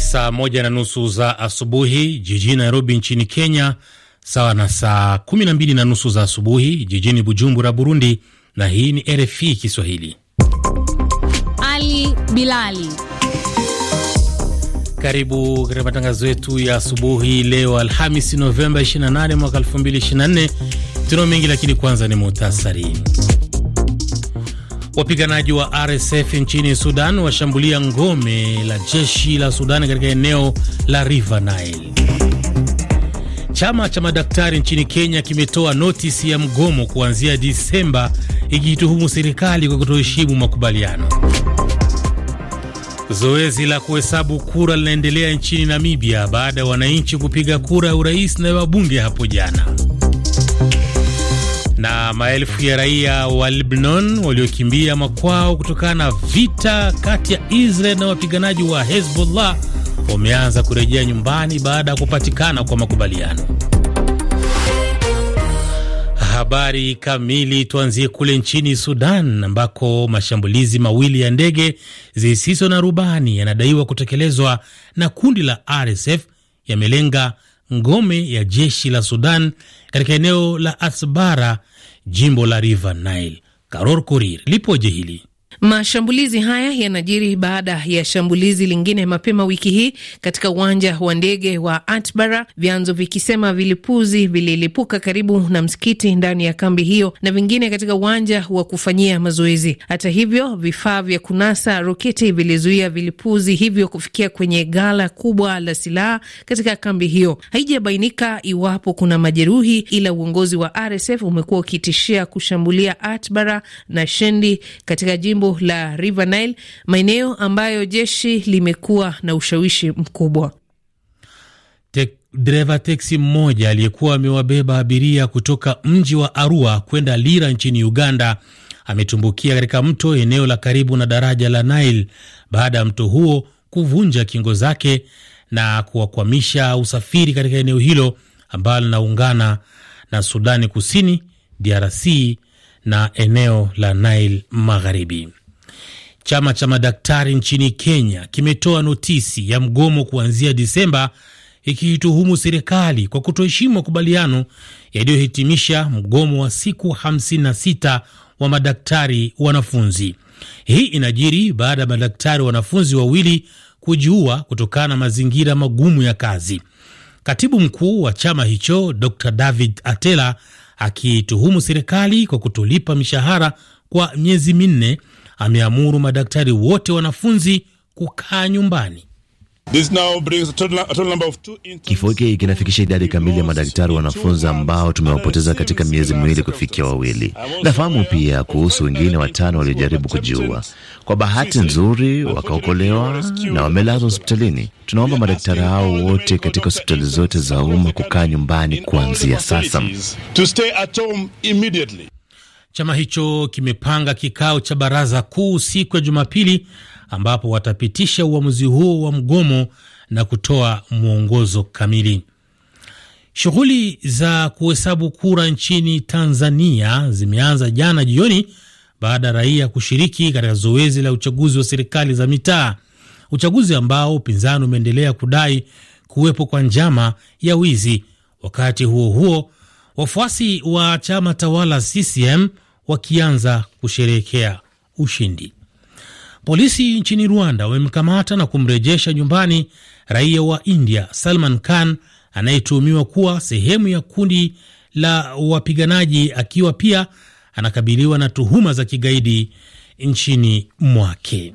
saa moja na nusu za asubuhi jijini Nairobi nchini Kenya, sawa na saa kumi na mbili na nusu za asubuhi jijini Bujumbura, Burundi. Na hii ni RFI Kiswahili. Ali Bilali, karibu katika matangazo yetu ya asubuhi leo Alhamisi, Novemba 28 mwaka 2024. Tunao mengi, lakini kwanza ni muhtasari Wapiganaji wa RSF nchini Sudan washambulia ngome la jeshi la Sudan katika eneo la River Nile. Chama cha madaktari nchini Kenya kimetoa notisi ya mgomo kuanzia Disemba, ikituhumu serikali kwa kutoheshimu makubaliano. Zoezi la kuhesabu kura linaendelea nchini Namibia baada ya wananchi kupiga kura ya urais na wabunge hapo jana na maelfu ya raia wa Lebanon waliokimbia makwao kutokana na vita kati ya Israel na wapiganaji wa Hezbollah wameanza kurejea nyumbani baada ya kupatikana kwa makubaliano. Habari kamili. Tuanzie kule nchini Sudan ambako mashambulizi mawili ya ndege zisizo na rubani yanadaiwa kutekelezwa na kundi la RSF yamelenga ngome ya jeshi la Sudan katika eneo la Asbara, jimbo la River Nile. Karor Korir lipoje hili Mashambulizi haya yanajiri baada ya shambulizi lingine mapema wiki hii katika uwanja wa ndege wa Atbara, vyanzo vikisema vilipuzi vililipuka karibu na msikiti ndani ya kambi hiyo na vingine katika uwanja wa kufanyia mazoezi. Hata hivyo, vifaa vya kunasa roketi vilizuia vilipuzi hivyo kufikia kwenye ghala kubwa la silaha katika kambi hiyo. Haijabainika iwapo kuna majeruhi, ila uongozi wa RSF umekuwa ukitishia kushambulia Atbara na Shendi katika jimbo jimbo la River Nile, maeneo ambayo jeshi limekuwa na ushawishi mkubwa. Tek, dereva teksi mmoja aliyekuwa amewabeba abiria kutoka mji wa Arua kwenda Lira nchini Uganda ametumbukia katika mto eneo la karibu na daraja la Nile baada ya mto huo kuvunja kingo zake na kuwakwamisha usafiri katika eneo hilo ambalo linaungana na Sudani Kusini, DRC na eneo la Nile Magharibi. Chama cha madaktari nchini Kenya kimetoa notisi ya mgomo kuanzia Disemba, ikiituhumu serikali kwa kutoheshimu makubaliano yaliyohitimisha mgomo wa siku 56 wa madaktari wanafunzi. Hii inajiri baada ya madaktari wanafunzi wawili kujiua kutokana na mazingira magumu ya kazi. Katibu mkuu wa chama hicho Dr David Atela akiituhumu serikali kwa kutolipa mishahara kwa miezi minne ameamuru madaktari wote wanafunzi kukaa nyumbani. Kifo hiki kinafikisha idadi kamili ya madaktari wanafunzi ambao tumewapoteza katika miezi miwili kufikia wawili. Nafahamu pia kuhusu wengine watano waliojaribu kujiua, kwa bahati nzuri wakaokolewa na wamelazwa hospitalini. Tunaomba madaktari hao wote katika hospitali zote za umma kukaa nyumbani kuanzia sasa. Chama hicho kimepanga kikao cha baraza kuu siku ya Jumapili ambapo watapitisha uamuzi huo wa mgomo na kutoa mwongozo kamili. Shughuli za kuhesabu kura nchini Tanzania zimeanza jana jioni baada ya raia kushiriki katika zoezi la uchaguzi wa serikali za mitaa, uchaguzi ambao upinzani umeendelea kudai kuwepo kwa njama ya wizi. Wakati huo huo, wafuasi wa chama tawala CCM wakianza kusherehekea ushindi. Polisi nchini Rwanda wamemkamata na kumrejesha nyumbani raia wa India Salman Khan anayetuhumiwa kuwa sehemu ya kundi la wapiganaji akiwa pia anakabiliwa na tuhuma za kigaidi nchini mwake.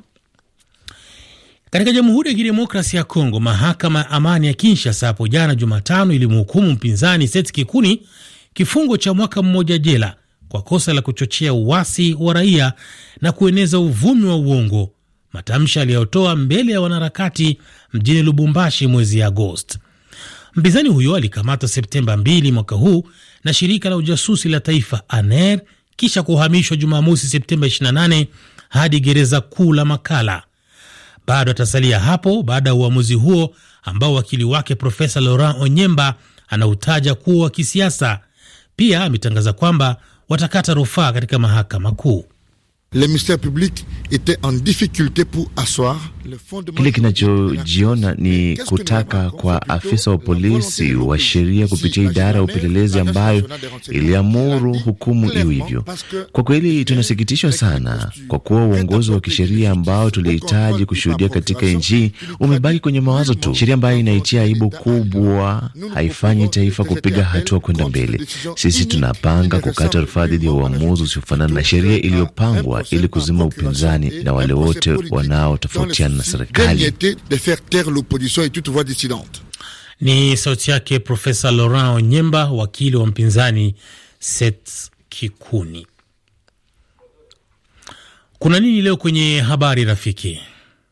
Katika Jamhuri ya Kidemokrasia ya Kongo, mahakama ya amani ya Kinshasa hapo jana Jumatano ilimhukumu mpinzani Seth Kikuni kifungo cha mwaka mmoja jela kwa kosa la kuchochea uwasi wa raia na kueneza uvumi wa uongo, matamshi aliyotoa mbele ya wanaharakati mjini Lubumbashi mwezi Agosti. Mpinzani huyo alikamatwa Septemba 2 mwaka huu na shirika la ujasusi la taifa ANER kisha kuhamishwa Jumamosi Septemba 28 hadi gereza kuu la Makala. Bado atasalia hapo baada ya uamuzi huo ambao wakili wake Profesa Laurent Onyemba anautaja kuwa wa kisiasa. Pia ametangaza kwamba watakata rufaa katika mahakama kuu. Kile kinachojiona ni kutaka kwa afisa wa polisi wa sheria kupitia idara ya upelelezi ambayo iliamuru hukumu iwe hivyo. Kwa kweli tunasikitishwa sana kwa kuwa uongozi wa kisheria ambao tulihitaji kushuhudia katika nchi umebaki kwenye mawazo tu, sheria ambayo inaitia aibu kubwa, haifanyi taifa kupiga hatua kwenda mbele. Sisi tunapanga kukata rufaa dhidi ya uamuzi usiofanana na sheria iliyopangwa ili kuzima upinzani upinzani na wale wote wanaotofautiana na serikali. Ni sauti yake Profesa Laurent Onyemba, wakili wa mpinzani Seth Kikuni. Kuna nini leo kwenye habari rafiki?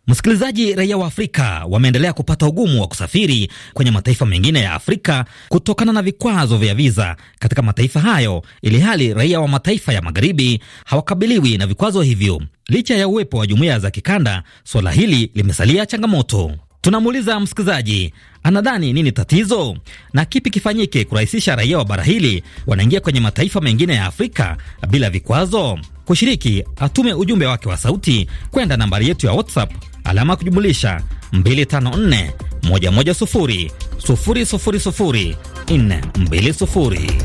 Msikilizaji, raia wa Afrika wameendelea kupata ugumu wa kusafiri kwenye mataifa mengine ya Afrika kutokana na vikwazo vya viza katika mataifa hayo, ili hali raia wa mataifa ya magharibi hawakabiliwi na vikwazo hivyo. Licha ya uwepo wa jumuiya za kikanda, suala hili limesalia changamoto. Tunamuuliza msikilizaji anadhani nini tatizo na kipi kifanyike kurahisisha raia wa bara hili wanaingia kwenye mataifa mengine ya Afrika bila vikwazo. Kushiriki, atume ujumbe wake wa sauti kwenda nambari yetu ya WhatsApp alama ya kujumulisha 254 110 000 420.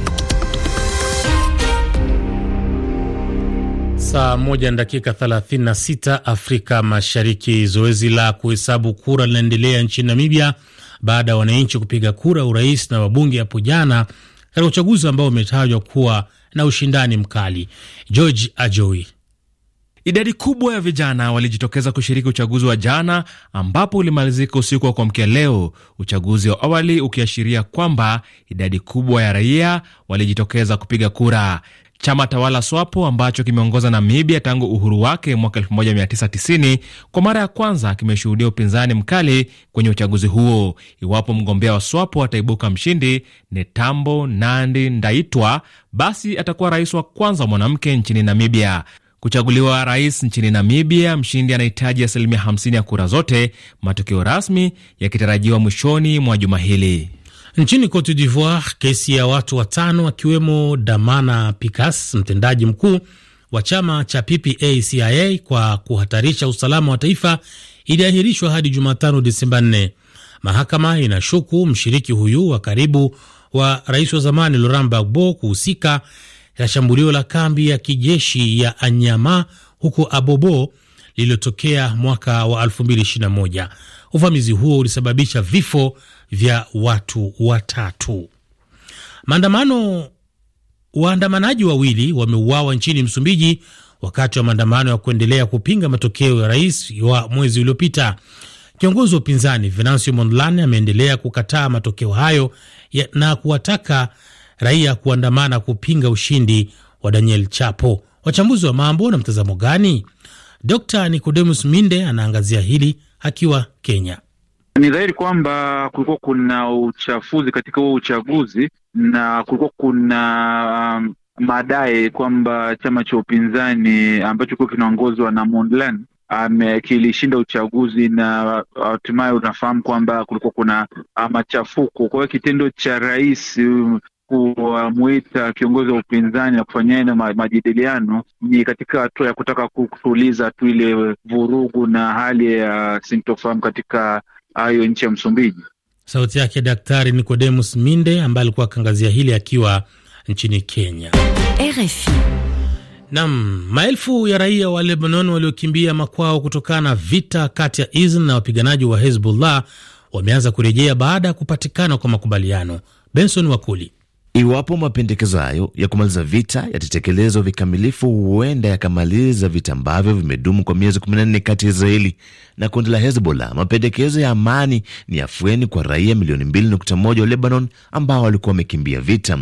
Saa moja na dakika 36 Afrika Mashariki. Zoezi la kuhesabu kura linaendelea nchini Namibia baada ya wananchi kupiga kura urais na wabunge hapo jana katika uchaguzi ambao umetajwa kuwa na ushindani mkali. George Ajoi Idadi kubwa ya vijana walijitokeza kushiriki uchaguzi wa jana ambapo ulimalizika usiku wa kuamkia leo, uchaguzi wa awali ukiashiria kwamba idadi kubwa ya raia walijitokeza kupiga kura. Chama tawala SWAPO ambacho kimeongoza Namibia tangu uhuru wake mwaka 1990 kwa mara ya kwanza kimeshuhudia upinzani mkali kwenye uchaguzi huo. Iwapo mgombea wa SWAPO ataibuka mshindi, Netambo Nandi Ndaitwa, basi atakuwa rais wa kwanza mwanamke nchini Namibia. Kuchaguliwa rais nchini Namibia, mshindi anahitaji asilimia 50 ya kura zote, matokeo rasmi yakitarajiwa mwishoni mwa juma hili. Nchini Cote d'Ivoire, kesi ya watu watano akiwemo Damana Picas, mtendaji mkuu wa chama cha ppacia kwa kuhatarisha usalama wa taifa iliahirishwa hadi Jumatano, disemba 4. Mahakama inashuku mshiriki huyu wa karibu wa rais wa zamani Laurent Gbagbo kuhusika ya shambulio la kambi ya kijeshi ya Anyama huko Abobo lililotokea mwaka wa 2021. Uvamizi huo ulisababisha vifo vya watu watatu. Maandamano, waandamanaji wawili wameuawa nchini Msumbiji wakati wa maandamano ya kuendelea kupinga matokeo ya rais wa mwezi uliopita. Kiongozi wa upinzani Venancio Mondlane ameendelea kukataa matokeo hayo ya, na kuwataka raia kuandamana kupinga ushindi wa Daniel Chapo. Wachambuzi wa mambo na mtazamo gani? Dr Nicodemus Minde anaangazia hili akiwa Kenya. Ni dhahiri kwamba kulikuwa kuna uchafuzi katika huo uchaguzi na kulikuwa kuna um, madai kwamba chama cha upinzani ambacho kuwa kinaongozwa na Mondlane kilishinda uchaguzi na uh, hatimaye unafahamu kwamba kulikuwa kuna uh, machafuko. Kwa hiyo kitendo cha rais um, kuwamwita kiongozi wa upinzani na kufanyana na majadiliano ni katika hatua ya kutaka kutuliza tu ile vurugu na hali ya sintofahamu katika hayo nchi ya Msumbiji. Sauti yake Daktari Nicodemus Minde ambaye alikuwa akiangazia hili akiwa nchini Kenya. RFI. Nam, maelfu ya raia wa Lebanon waliokimbia makwao kutokana na vita kati ya Israel na wapiganaji wa Hezbollah wameanza kurejea baada ya kupatikana kwa makubaliano. Benson Wakuli. Iwapo mapendekezo hayo ya kumaliza vita yatatekelezwa vikamilifu, huenda yakamaliza vita ambavyo vimedumu kwa miezi 14 kati ya Israeli na kundi la Hezbollah. Mapendekezo ya amani ni afueni kwa raia milioni 2.1 wa Lebanon ambao walikuwa wamekimbia vita.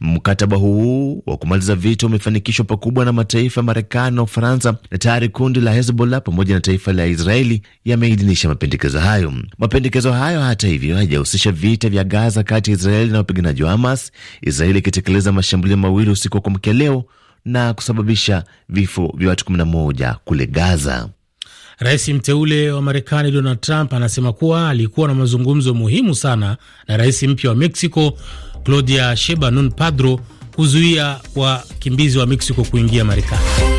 Mkataba huu wa kumaliza vita umefanikishwa pakubwa na mataifa ya Marekani na Ufaransa, na tayari kundi la Hezbollah pamoja na taifa la Israeli yameidhinisha mapendekezo hayo. Mapendekezo hayo, hata hivyo, hayajahusisha vita vya Gaza kati ya Israeli na wapiganaji wa Hamas Israeli ikitekeleza mashambulio mawili usiku wa kuamkia leo na kusababisha vifo vya watu 11 kule Gaza. Rais mteule wa Marekani Donald Trump anasema kuwa alikuwa na mazungumzo muhimu sana na rais mpya wa Mexico Claudia Sheinbaum Padro kuzuia wakimbizi wa Mexico kuingia Marekani.